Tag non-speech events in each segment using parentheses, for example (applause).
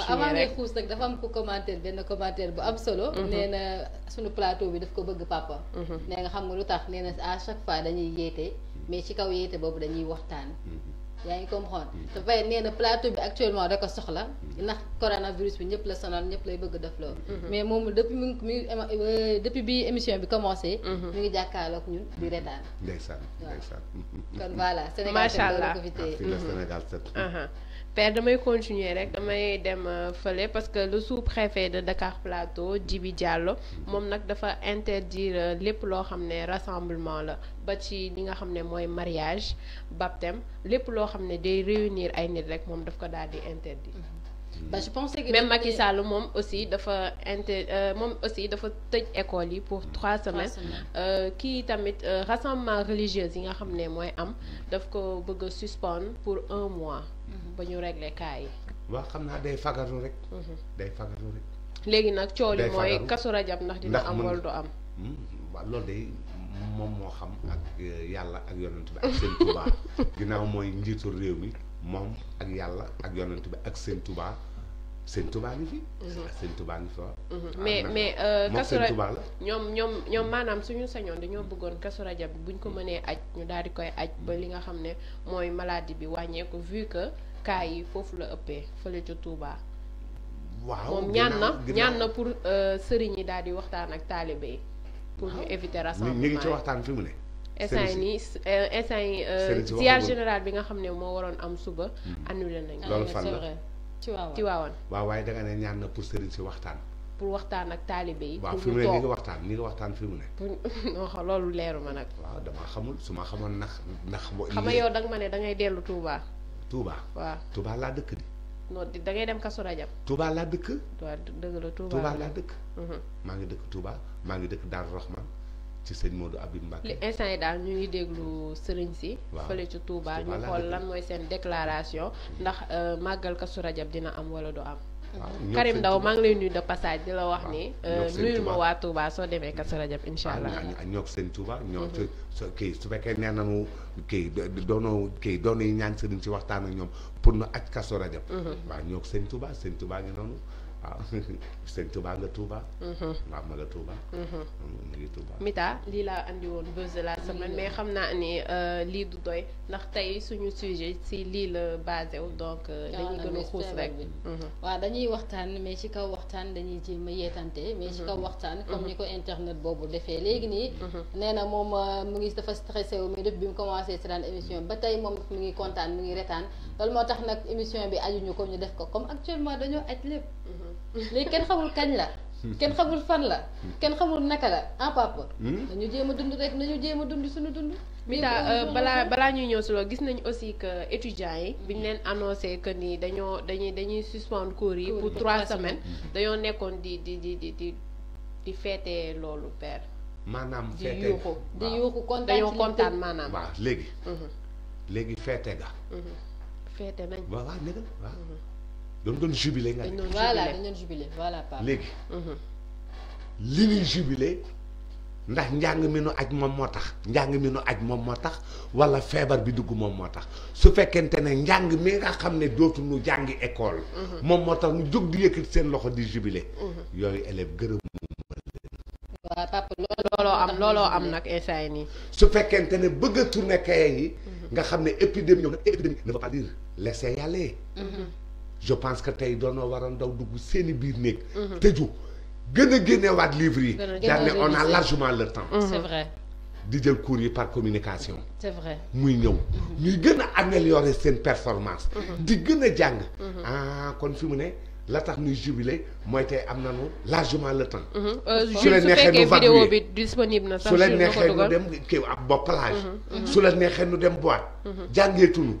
continuer rek avant ngay xuus nag dafa am ku commentaire benn commentaire bu am solo. Mhm. nee na sunu bi daf ko bëgg papa. Mhm. nee nga xam nga lu tax nee na à chaque fois dañuy yeete mais ci kaw yeete boobu dañuy waxtaan. Mhm. yaa ngi comprendre te Faye nee na plateau bi actuellement da ko soxla ndax coronavirus bi ñëpp la sonal ñëpp lay bëgg def loo mhm. mais moom depuis mu ngi euh, depuis bi émission bi commencé mhm. mu ngi jàkkaarloog ñun di retaan ndeysaan ndeysaan kon voilà (laughs) Sénégal macha allah ko mhm. uh-huh. damay continuer rek damay dem euh, fële parce que le sous-préfet de Dakar Plateau Djibi Diallo moom nag dafa interdire euh, lépp loo xam ne rassemblement la ba ci li nga xam ne mooy mariage baptême lépp loo xam ne day réunir ay nit rek moom daf ko daal di interdit. ba je pensais que même Macky Sall moom aussi dafa inter euh, moom aussi dafa tëj école yi pour trois semaines euh, kii tamit euh, rassemblement religieuse yi nga xam ne mooy am daf ko bëgg a pour un mois mhm. ba ñu régler cas yi waaw xam naa day fagaru rek mhm. léegi nag cool yi mooy kasu rajab ndax dina am wala du am hmm, moom moo xam ak euh, yàlla ak yonent bi ak seen Touba (laughs) ginnaaw mooy njiitu réew mi moom ak yàlla ak yonent bi ak seen Touba seen Touba ngi fi. Mhm. Ah, seen Touba ngi mhm. ah, mais mais euh, Kazu Rajab ñoom ñoom ñoom maanaam suñu sañoon dañoo bëggoon Kazu Rajab bi buñ ko mënee aj ñu daal di koy aj ba li nga xam ne mooy maladie bi wàññeeku vu ka cas yi foofu la ëppee fële ca Touba. waaw ñaan na ñaan na pour euh, sëriñ yi daal di waxtaan ak taalibe pour mu ah. éviter rassemblement ñu ngi waxtaan fi mu ne. instant nii euh, instant yi euh, ziar général bi nga xam ne moo waroon am suba. Mm. annulé nañu ah, loolu fan la ci waawan waaw waaye danga ne ñaan na pour sëriñ si waxtaan. pour waxtaan ak taalibe yi. waaw fi mu ne waxtaan ni waxtaan fi mu ne. pour (laughs) loolu leeru ma nag. waaw dama xamul su ma xamoon nax nax. boo xam nga yow danga ma ne dangay dellu Touba. tuuba waa Touba laa dëkk di. non dangay dem Kasu Rajab. Touba laa dëkk. waaw dëgg la Touba laa dëkk. Mm-hmm. maa ngi dëkk Touba. maa ngi dëkk Darou Rahman ci sëñ Modou Abib Mbacke. li instant yi daal ñu ngi déglu sëriñ si. waaw fële ci Touba ñu xool lan mooy seen déclaration ndax euh, màggal Kazu Rajab dina am walla du am. Karim Ndaw maa ngi lay nuyu de passage di la wax ni. Euh, nuyul ma waa soo demee Kazu Rajab incha allah. ñoo ko sëñ Touba ñoo ko mhm. kii su fekkee nee nañu kii doonoo kii doon ñaan sëriñ si waxtaan ak ñoom pour nu aj Kazu Rajab. Mhm. waa ñoo ko sëñ Touba sëñ ngi noonu. waaw (laughs) sëñ Touba nga Touba. waaw ma nga Touba. Mita lii laa andi woon buzz de la semaine mais xam naa ni euh, lii du doy ndax tey suñu sujet si lii la basé wu donc. Euh, ah, dañuy gën a xuus rek. Mhm. waaw dañuy waxtaan mais ci kaw waxtaan dañuy jéem ma yeetante mais ci mhm. kaw waxtaan. comme mhm. ni ko internet boobu defee léegi nii. nee na moom euh, mu ngi dafa stressé wu mais def bi mu commencé si daan émission ba tey moom mu ngi kontaan mu ngi retaan loolu moo tax nag émission bi ajuñu ko ñu def ko comme actuellement dañoo aj léegi kenn xamul kañ la. kenn xamul fan la. kenn xamul naka la en ah, papa. dañu hmm? jéem a dund rek nañu jéem a dund suñu dund. mita euh, balaa balaa ñuy ñëw si loolu gis nañu aussi que étudiants yi bi ñu leen annoncé que ni dañoo dañuy dañuy suspendre cours yi pour trois semaines hmm. dañoo nekkoon di di di di di di feete loolu per maanaam feete di di yuuxu kontaan dañoo kontaan maanaam. waaw léegi. Hmm. léegi feete ga. feete nañ waaw waaw dañ doon jubilé nga ne. voilà dañ léegi. Mhm. li ñuy jubilé ndax njàng mi nu aj moom moo tax. njàng mi nu aj moom moo tax wala feebar bi dugg moom moo tax su fekkente ne njàng mi nga xam ne dootu nu jàng école. Mhm. moom moo tax nu jóg di yëkkati seen loxo di jubile mhm. yooyu élève gërëm. waaw papa looloo am looloo am nag instant nii. su fekkente ne bëgg a tourné yi. nga xam ne épidémie ñëw na ne veut pas dire laisser je pense que tey doon na waroon daw dugg seeni biir néeg. Mhm. tëju gën a génneewaat livre yi. daal ne largement le temps. Mhm. c'est vrai. di jël cours yi par communication. muy ñëw. Mhm. ñuy gën a améliorer seen performance. di gën a jàng. ah kon fi mu ne la tax ñuy jubilé mooy tey am nañu largement le temps. Euh, su la neexee nu la neexee nu dem kii ab ba su la neexee nu dem boîte. jàngeetuñu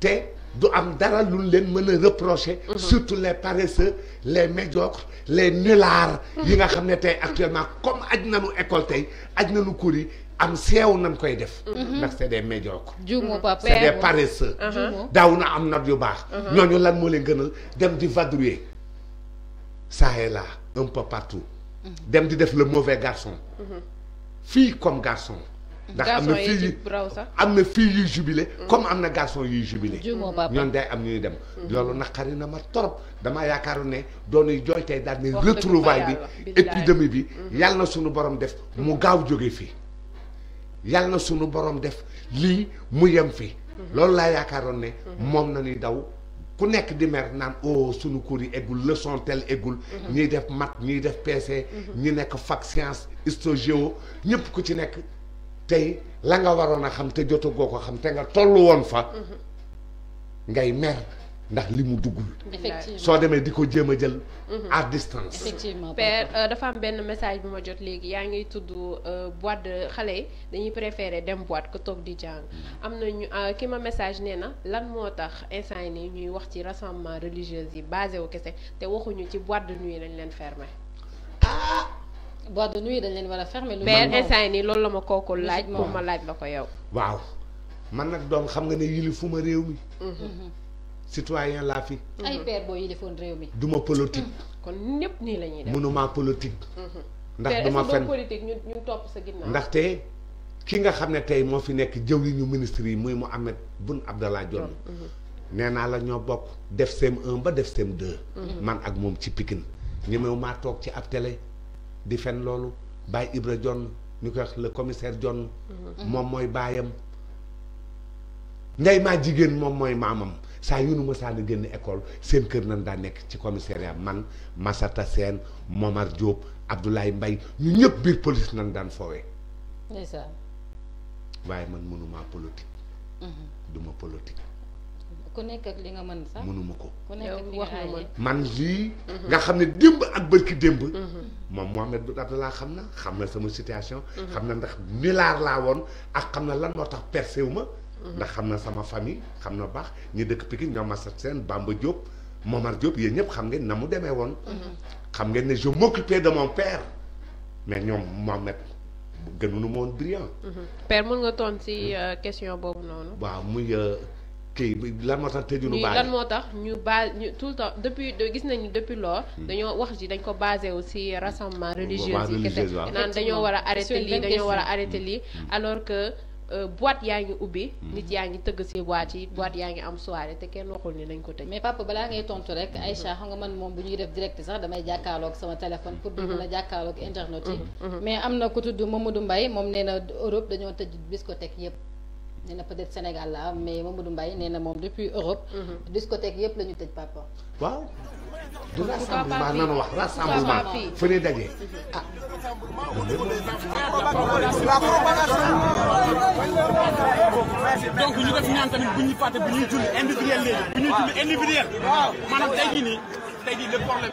te. du am dara lu leen mën a reprocher mhm. surtout les paresseux les médiocres les nullards yi nga xam ne tey actuellement comme aj nañu école tey aj nañu cours yi am seew nañ koy def mhm. ndax c'est des médiocres mhm. c'est des paresseux daaw na am note yu baax ñooñu lan moo leen gënal dem di vadrouiller ça et là un peu partout dem di def le mauvais garçon fille comme garçon ndax am na fii yu am na fii yuy jubilé mm. comme am na garçon yuy jubilé ñoon day am ñuy dem mm. loolu naqari na ma torop damaa yaakaaru ne doonuy jooy tey daal ne retrouvaille bi épidémie bi mm-hmm. yàlla na suñu borom def mu mm-hmm. gaaw jóge fii yàlla na suñu borom def lii mu yem fii mm-hmm. loolu laa yaakaaroon ne moom na ñuy daw ku nekk di mer naan o oh, sunu cours yi eggul leçon tel eggul ñiy def mat ñiy def PC ñi nekk fak science histo géo ñëpp ku ci nekk tey la nga waroon a xam te jotagoo ko xam te nga tollu woon fa mhm. ngay mer ndax li mu duggul soo demee di ko jéem a jël mhm. à distance effectivement père euh, dafa am benn message bu ma jot léegi yaa ngiy tudd euh, boîte de xale yi dañuy préférer dem boîte ko toog di jàng mhm. am na ñu euh, ki ma message nee na lan moo tax instant yi nii ñuy wax ci rassemblement religieux yi basé wu kese te waxuñu ci boîte de nuit lañ leen fermé ah! boîte de dañ leen war a fermer. lu mais nii loolu la ma kooku laaj moom ma laaj la ko yow. waaw man nag doom xam nga ne yilifuma réew mi. Mhm. Mhm. citoyen laa fi. ay réew mi. du ma politique. (laughs) kon ñëpp nii la ñuy def mënuma politique. Mhm. ndax du ma fenn politique ñu ñu ndaxte ki nga xam ne tey moo fi nekk yi ñu ministre yi muy Mohamed Boun Abdallah Dionne. nee naa la ñoo bokk def sem 1 ba def sem 2. man ak moom ci Pikine ñemewu maa toog ci ab tele di fen loolu Baye Ibra John ñu koy wax le commissaire mm-hmm. moom mooy baayam nday maa jigéen moom mooy maamam saa yu nu ma saa génn école seen kër nan daan nekk ci commissariat man Massata Sène Momar Diop Abdoulaye Mbaye ñu ñëpp biir police nan daan foowee waaye man mënumaa politique mm-hmm. duma politique ku nekk ak li nga mën sax mënuma ko. ku nekk ak li man lii. Mhm. nga xam ne démb ak bërki démb. Mhm. moom Mohamed Boun laa xam na xam na sama situation. Mhm. xam na ndax milliard laa woon ak xam na lan moo tax percé wu ma. ndax xam na sama famille xam na baax ñu dëkk Pikine ñoom Massat Sène Bamba Diop Momar Diop yéen ñëpp xam ngeen na mu demee woon. xam ngeen ne je m'occupais de mon père mais ñoom Mohamed gënuñu ma woon brillant. père mën nga toon ci euh, question boobu noonu. waaw muy. Euh, kii lan moo tax tëju nu lan moo tax ñu base ñu tout le temps depuis hmm. dañoo yi war a arrêté lii a arrêté hmm. lii hmm. alors que euh, boîte yaa ngi ubbi nit yaa tëgg si boîte yi boîte yaa ngi am soirée te kenn waxul ni nañ ko tëj mais papa balaa ngay tontu rek Aïcha xam nga man moom bu ñuy def direct sax damay jàkkaarloog sama téléphone pour di mën a jàkkaarloog internet yi mais am na ku tudd Mamadou Mbaye moom nee Europe dañoo tëj discothèque yëpp nee na peut-être Sénégal la mais Mamadou Mbaye nee na moom depuis Europe. Mhm. discothèque yëpp la ñu papa. waaw. du rassemblement nanu wax rassemblement ne daje mhm. ah. donc ñu def ñaan tamit bu ñuy fàtte bu ñuy julli individuel léegi. bu ñuy julli individuel. maanaam tey jii tey jii le problème.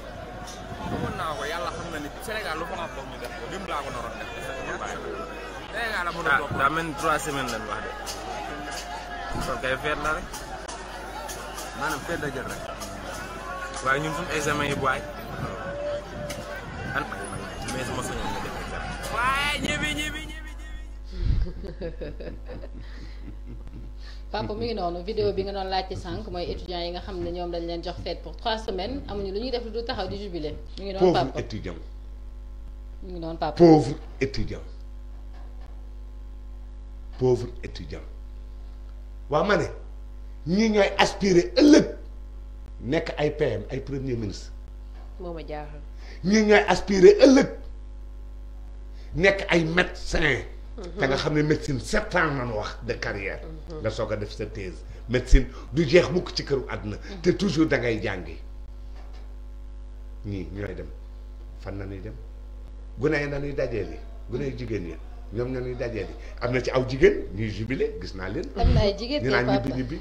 Sénégal lu Franc doon ñu def ko lim laa ko naroon def est ce la mënul topp daa mel ni trois semaines lañ wax de. kon kay feet la rek. maanaam feet la jël rek. waaye ñun suñu examen yi bu waay. papa mi ngi noonu vidéo bi nga doon laaj ci sànq mooy étudiants yi nga xam ne ñoom dañ leen jox fête pour trois semaines amuñu lu ñuy def lu taxaw di jubilé. mi ngi noonu papa pauvre étudiant. pauvre étudiant pauvre étudiant waaw ma ne ñii ñooy aspirer ëllëg nekk ay PM ay premier ministre ma jaaxal ñii ñooy aspirer ëllëg nekk ay médecin mhm. te nga xam ne médecine sept ans nañu wax de carrière nga soog a def sa thèse médecine du jeex mukk ci këru àdduna mhm. te toujours da ngay jàngi ñii ñooy dem fan na ñuy dem gune yi nañuy dajee li gune yu jigéen ñi ñoom nañuy dajee li am na ci aw jigéen ñuy jubilé gis naa leen. am na ay jigéen ñu naan ñibbi ñibbi.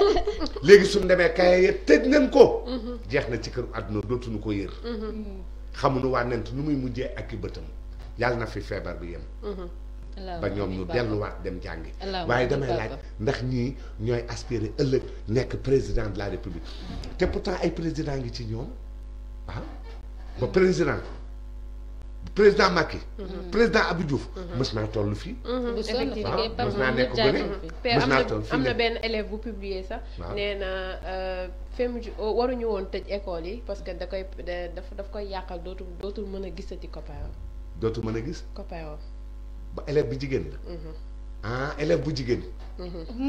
(laughs) léegi suñu demee kaye yëpp tëj nañ ko. Mhm. jeex na ci kër àdduna dootuñu ko yër. Mhm. xamuñu waa nent nu muy mujjee ak i bëtam yàlla na fi feebar bi yem. Mhm. ba ñoom ñu delluwaat dem jàngi waaye damay laaj ndax ñii ñooy aspirer ëllëg nekk président de la république te pourtant ay président ngi ci ñoom ah ba président président Macky. Mhm. président Abdou Diouf. Mhm. mës naa toll fii. bu mhm. sonn mës naa nekk gone toll fii am na benn élève bu publier sax. nee na euh, fem euh, waruñu woon tëj école yi parce que da koy daf daf koy yàqal dootul dootul mën a gisati copain dootul mën gis. copain ba élève bi jigéen la. ah élève bu jigéen. (laughs)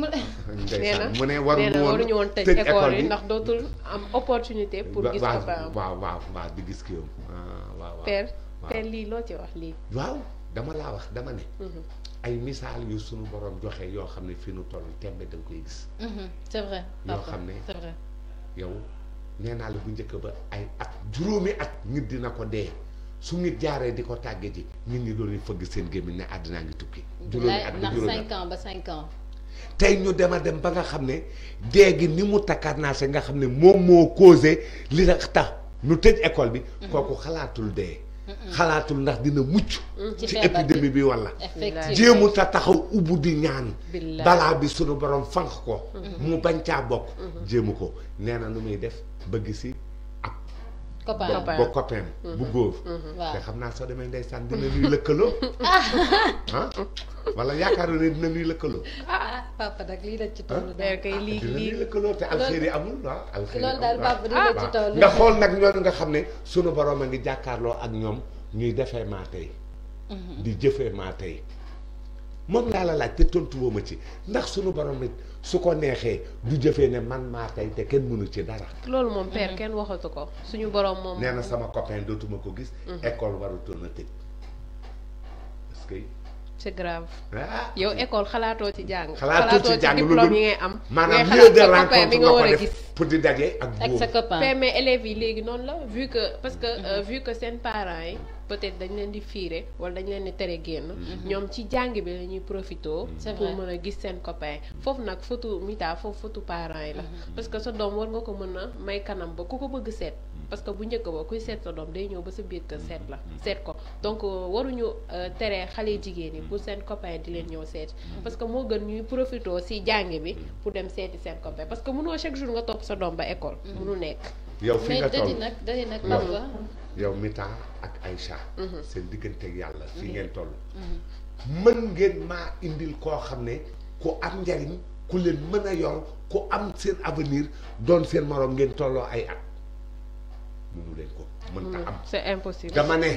mu ne waruñu woon tëj école yi ndax dootul am opportunité. pour gis copain waaw waaw waaw di gis kii am ah, waaw te lii loo ci wax lii. dama laa wax dama mhm. ay misaal yu sunu borom joxe yoo xam ne fi nu toll tembe da koy gis. Mhm, c'est ne naa la bu njëkk ba ay at juróomi at nit ko dee. su jaaree di ko tàgge ji nit ñi doon seen gémmiñ ne àddinaa ngi tukki juróomi at ba tey ñu dema dem ba nga xam ne dee gi ni mu takkaat naa takkarnaase nga xam ne moom moo causé li tax tax ñu tëj école bi mhm. kooku xalaatul dee xalaatul ndax dina mucc mm, ci épidémie bi walla jéemu ca taxaw ubbu di ñaan balaa bi sunu borom fanq ko mm-hmm. mu bañ bokk mm-hmm. jéemu ko nee na nu muy def bëgg si copain ba copain mm-hmm. bu góor. Mm-hmm. te xam naa soo demee ndeysaan dina nuy lëkkaloo. (laughs) ah wala yaakaar ne dina nuy lëkkaloo. ah, ah papa nag lii dañ ci ah? toll. day koy lii dina nuy te Algérie amul ah. Algérie amul loolu ah? nga xool nag ñooñu nga xam ne sunu boroom a ngi jàkkaarloo ak ñoom ñuy defee maa tey. Mm-hmm. di jëfee maa tey. moom laa la laaj te tontu woo ma ci ndax suñu borom nit su ko neexee du jëfee ne man maa tey te kenn mënu ci dara. loolu moom père kenn waxatu ko suñu borom moom. nee na sama copain dootuma ko gis. Mhm. école warutoon a tëj parce que. c'est grave. Ah. yow école xalaatoo ci jàng. xalaatoo ci jàng lu yi ngay am. maanaam lieu de rencontre bi nga war a gis pour di daje ak. ak sa élève yi léegi noonu la vu que parce euh, que vu que seen parents yi. peut-être dañ leen di fiire wala dañ leen di tere génn mhm. ñoom ci jàng bi la ñuy profitoo mhm. pour mën a gis seen copain foofu nag photo mita foofu photo parents yi la mhm. parce que sa doom war nga ko mën a may kanam ba ku ko bëgg seet parce que bu njëkk ba kuy seet sa doom day ñëw ba sa biir kër seet la seet ko donc euh, waruñu euh, tere xale yi jigéen yi pour seen copain di leen ñëw seet parce que moo gën ñuy profitoo si jàng bi pour dem seeti seen copain parce que mënoo chaque jour nga topp sa doom ba école mënu nekk yow fi nga toll nag dadi nag yow Mita ak ay Aïcha mhm. seen digganteeg yàlla fii mhm. ngeen toll mhm. mën ngeen maa indil koo xam ne ku am njariñ ku leen mën a yor ku am seen avenir doon seen moroom ngeen tolloo ay at mënu leen ko mën ta am c'est impossible dama ne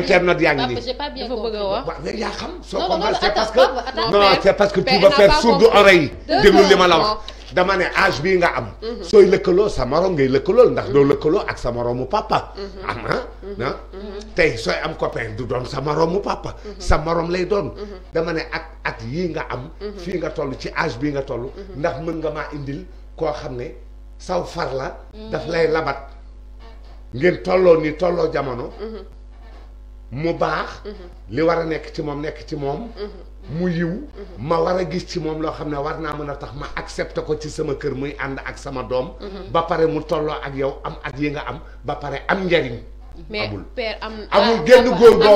internet yaa ngi nii j'ai pas bien compris waaw mais yaa xam soo ko c'est parce que non c'est parce que tu vas faire sourde oreille déglu li ma la wax dama ne âge bii nga am. sooy lëkkaloo sa morom ngay lëkkaloo ndax doo lëkkaloo ak sa moromu papa. am na tey sooy am copain du doon sa moromu papa. sa morom lay doon. dama ne ak at yii nga am. fii nga toll ci âge bii nga toll. ndax mën nga maa indil koo xam ne saw far la. daf lay labat ngeen tolloo ni tolloo jamono. mu baax. li war a nekk ci moom nekk ci moom. mu yiw ma war a gis ci moom loo xam ne war naa mën a tax ma accepté ko ci sama kër muy ànd ak sama doom mhm. ba pare mu tolloo ak yow am at yi nga am ba pare am njariñ amul mais amul génn góor goo mu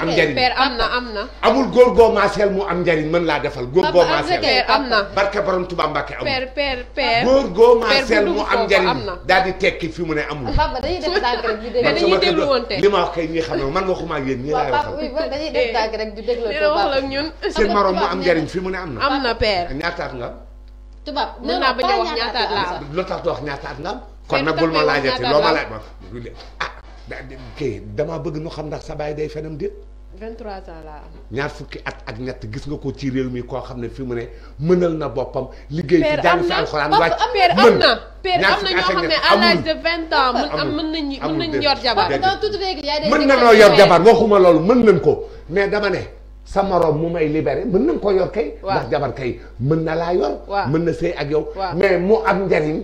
am njariñ am na am na. amul góor goo maaseel mu am njariñ mën laa defal góor goo am na barke borom Tuubaa Mbàkke amul. père père père góor goo maaseel mu am njariñ daal di tekki fi mu ne amul. papa dañuy def dànk rek (laughs) li ma wax kay xam ne man waxuma ak yéen ñii laay waxal. waaw dañuy rek di ñun. seen morom mu am njariñ fi mu ne am na. am na père ñaataat nga. tubaab mën a wax ñaataat tax doo wax ñaataat nga kon nag bul ma laa loo ma laaj ma ah kii damaa bëgg nu xam ndax sa baay day fenam déet laa am. ñaar fukki at ak ñett gis nga ko ci réew mi koo xam ne fi mu ne mënal na boppam. liggéey ci jàng fi alxuraan wàcc mën ñaar fukki at ak ñett amul amul amul amul amul mën na noo yor jabar waxuma loolu mën nañ ko mais dama ne sa morom mu may libéré mën nañ ko yor kay. ndax jabar kay mën na laa yor. mën na sëy ak yow. mais mu am njariñ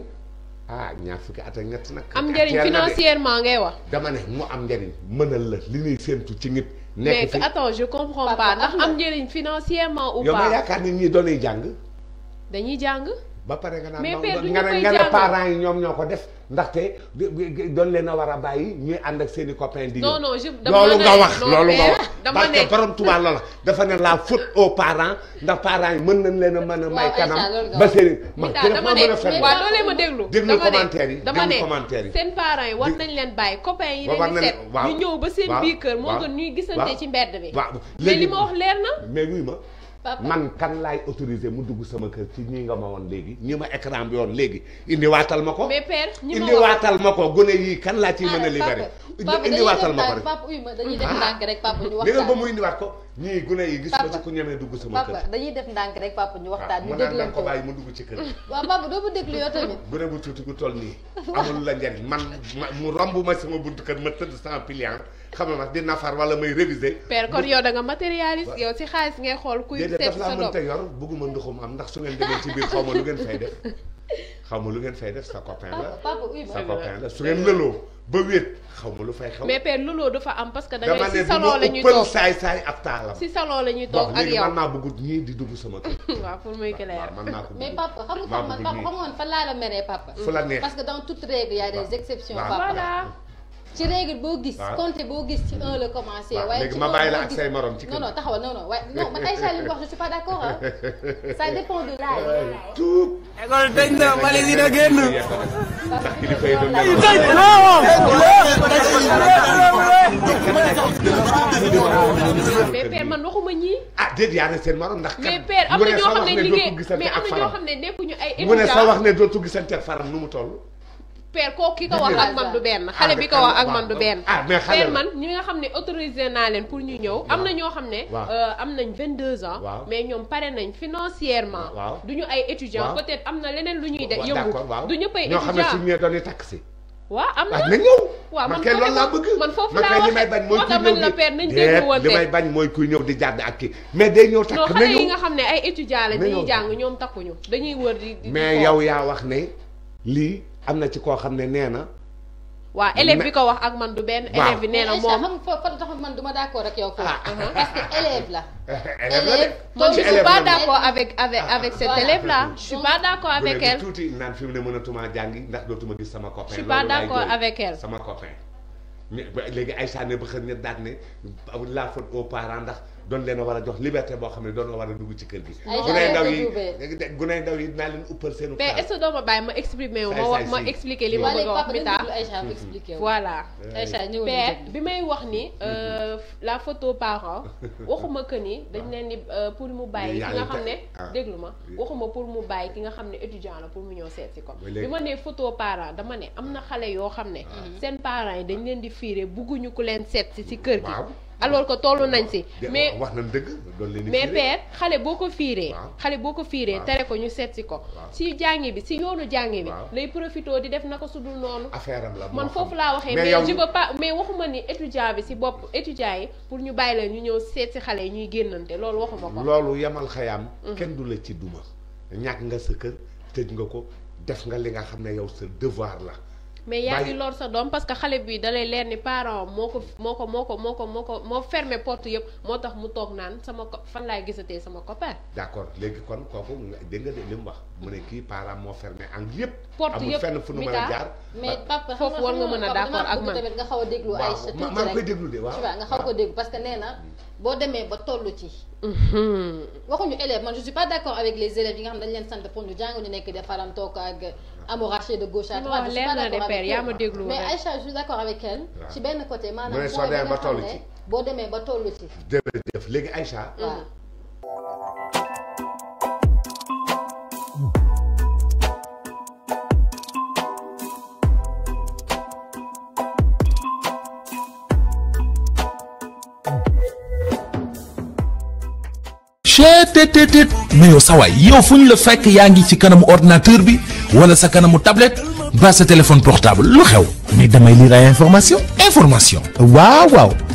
ah ñaar fukki at ak ñett nag. am njëriñ financièrement ngay wax. dama ne mu am njëriñ mënal la li ñuy séentu ci nit. nekk fi mais attends je comprends pas ndax am njëriñ financièrement ou pas. yow yaakaar nit ñi doon jàng. dañuy jàng. ba pare nga naan nga nga ne parents yi ñoom ñoo ko def ndaxte doon leen a war a bàyyi ñuy ànd ak seeni i copains di non non loolu nga wax loolu nga wax parce que dafa ne laa faute aux parents ndax parents yi mën nañ leen a mën a may kanam ba seen ma dama ne waaw loolee ma déglu déglu commentaire yi dama ne commentaire yi seen parents yi war nañ leen bàyyi copains yi leen di seet ñu ñëw ba seen biir kër moo gën ñuy gisante ci mbedd bi waaw mais li ma wax leer na man kan laay autorisé mu dugg sama kër ci ñi nga ma woon léegi ñi ma écran bi woon léegi indiwaatal ma ko indi waatal ma ko gone yii kan laa ci mën a libéré indi waatal ma ko rek papa uy ma dañuy def ba mu indiwaat ko ñii gune yi gisuma ci ku ñemee dugg sama kër dañuy def ndànk rek papa ñu waxtaan ah, ñu déglu ko bàyyi mu dugg ci kër (laughs) waaw papa doo ma déglu yow (laughs) gune bu tuuti gu toll nii (laughs) amul la njariñ man mu romb ma sama buntu kër ma tëdd sama pilien xam nga ma di nafar wala may réviser père kon yow da nga yow si xaalis ngay xool kuy seet daf laa mënta yor bugguma nduxum am ndax su ngeen demee ci biir xaw ma lu ngeen fay def xaw ma lu ngeen fay def sa copain la sa copain la su ngeen lëloo ba wéet xaw ma lu fay xaw. mais père looloo dafa am parce que da ngay si salon la ñuy toog saay saay ak taalam. si salon la ñuy toog ak yow man maa bëggut ñii di dugg sama kër. (laughs) waaw pour muy clair man maa ko mais papa xam nga fan man papa xamoon fan laa la meree papa. fu la neex parce que dans règle y des exceptions papa. voilà. ci règle boo gis. Ah. compter boo gis ci un la commencé. waaye ci ma bàyyi la ak say morom ci non non taxawal non non waaye non man Aïcha li mu wax je suis pas d' accord ah. (laughs) ça dépend de l'âge. tout. école tëj na valise yi na génn. ndax kilifa yi doon mais père man waxuma ñii. ah déedéet yaa ne seen morom ndax. mais père am na ñoo xam ne liggéey mais am na ñoo xam ne nekkuñu ay. étudiants mu ne sa wax ne dootu gisante faram nu mu toll. père kooku ki ko wax ak man du benn ah, xale bi ko wax ak man du benn père ah, man ñi nga xam ne autorisé naa leen pour ñu ñëw am na ñoo xam ne euh, am nañ vingt deux ans mais ñoom pare nañ financièrement du ñu ay étudiant peut-être am na leneen lu ñuy def yëngu du ñëpp ay étudiant waaw am ah, na ñëw waaw man kay loolu laa bëgg man foofu laa waxee li may bañ mooy kuy ñëw la père nañ dégg li may bañ mooy kuy ñëw di jàdd ak kii mais day ñëw takk na xale yi nga xam ne ay étudiants la dañuy jàng ñoom takkuñu dañuy wër di mais yow yaa wax ne lii am na ci koo xam ne nee na. waaw élève bi ko wax ak man du benn. élève bi nee na eh, moom eh, xam nga tax man du ma d'accord ak yow foofu. Ah. Uh-huh. parce que élève la. Eh, élève la de man ah, ah. je suis pas d'accord avec avec avec cet élève là. je suis d'accord avec elle tuuti naan fi mu ne mënatuma jàngi ndax dootuma gis sama copain. je suis d'accord avec elle sama copain. mais léegi Aïcha ne ba xëy na daal ne la faute aux parents ndax. doon leen war a jox liberté boo xam ne doon war a dugg ci kër gi. gunay ndaw yi gunay ndaw yi dinaa leen uppal seen. mais est-ce que doo ma bàyyi ma exprimer ma wax ma expliquer li ma bëgg a wax. voilà. Aïcha bi may wax ni mm-hmm. euh, laa photo parent (laughs) waxuma que ni dañ leen di euh, pour mu bàyyi ki nga xam ne. Ah. déglu ma waxuma pour mu bàyyi ki nga xam ne étudiant la pour mu ñëw seet si ko. bi ma nee photo parent dama ne am na xale yoo xam ne. Mm-hmm. seen parents yi dañ leen di fiire bugguñu ku leen seet si si kër gi. alors que toll nañ si. mais wax na dëgg mais père xale boo ko fiiree. xale boo ko fiiree tere ko ñu seet ko. si jàngi bi si yoonu jàngi bi. lay profité di def naka su dul noonu. affaire am la man foofu laa waxee. mais je veux pas mais waxuma ni étudiant bi si bopp étudiant yi pour ñu bàyyi la ñu ñëw seet xale yi ñuy génnante loolu waxuma ko. loolu yamal xayaam. Mm-hmm. kenn du la ci duma. ñàkk nga sa kër tëj nga ko def nga li nga xam ne yow sa devoir la. mais yaa ngi lool sa doom parce que xale bi dalay leer ni parent moo ko moo ko moo ko moo ko moo ko moo fermé porte yëpp moo tax mu toog naan sama ko fan laay gisatee sama copain. d'accord léegi kon kooku dégg nga de mu wax mu ne kii parent moo fermé ang yëpp. porte yëpp amul fenn fu nu mën a jaar. mais papa foofu war nga mën a d'accord ak man tamit nga xaw a déglu ay. sa tuuti rek maa ngi koy déglu nga xaw ko déglu parce que nee na. Mm. boo demee ba toll ci. Mhm. waxuñu élèves man je suis pas d'accord avec les élèves yi nga xam dañ leen sant pour ñu jàng ñu nekk defaram toog ak amouraché de gauche à droite. je suis pas d'accord avec elle mais Aïcha je suis d'accord avec elle. ci benn côté maanaam. mooy ba tollu ci boo demee ba toll ci. jërëjëf léegi Aïcha. waaw. cheetetetet mais yow sa waay yow fu ñu la fekk yaa ngi ci kanamu ordinateur bi wala sa kanamu tablette ba sa téléphone portable lu xew mais damay lire ay information information waaw waaw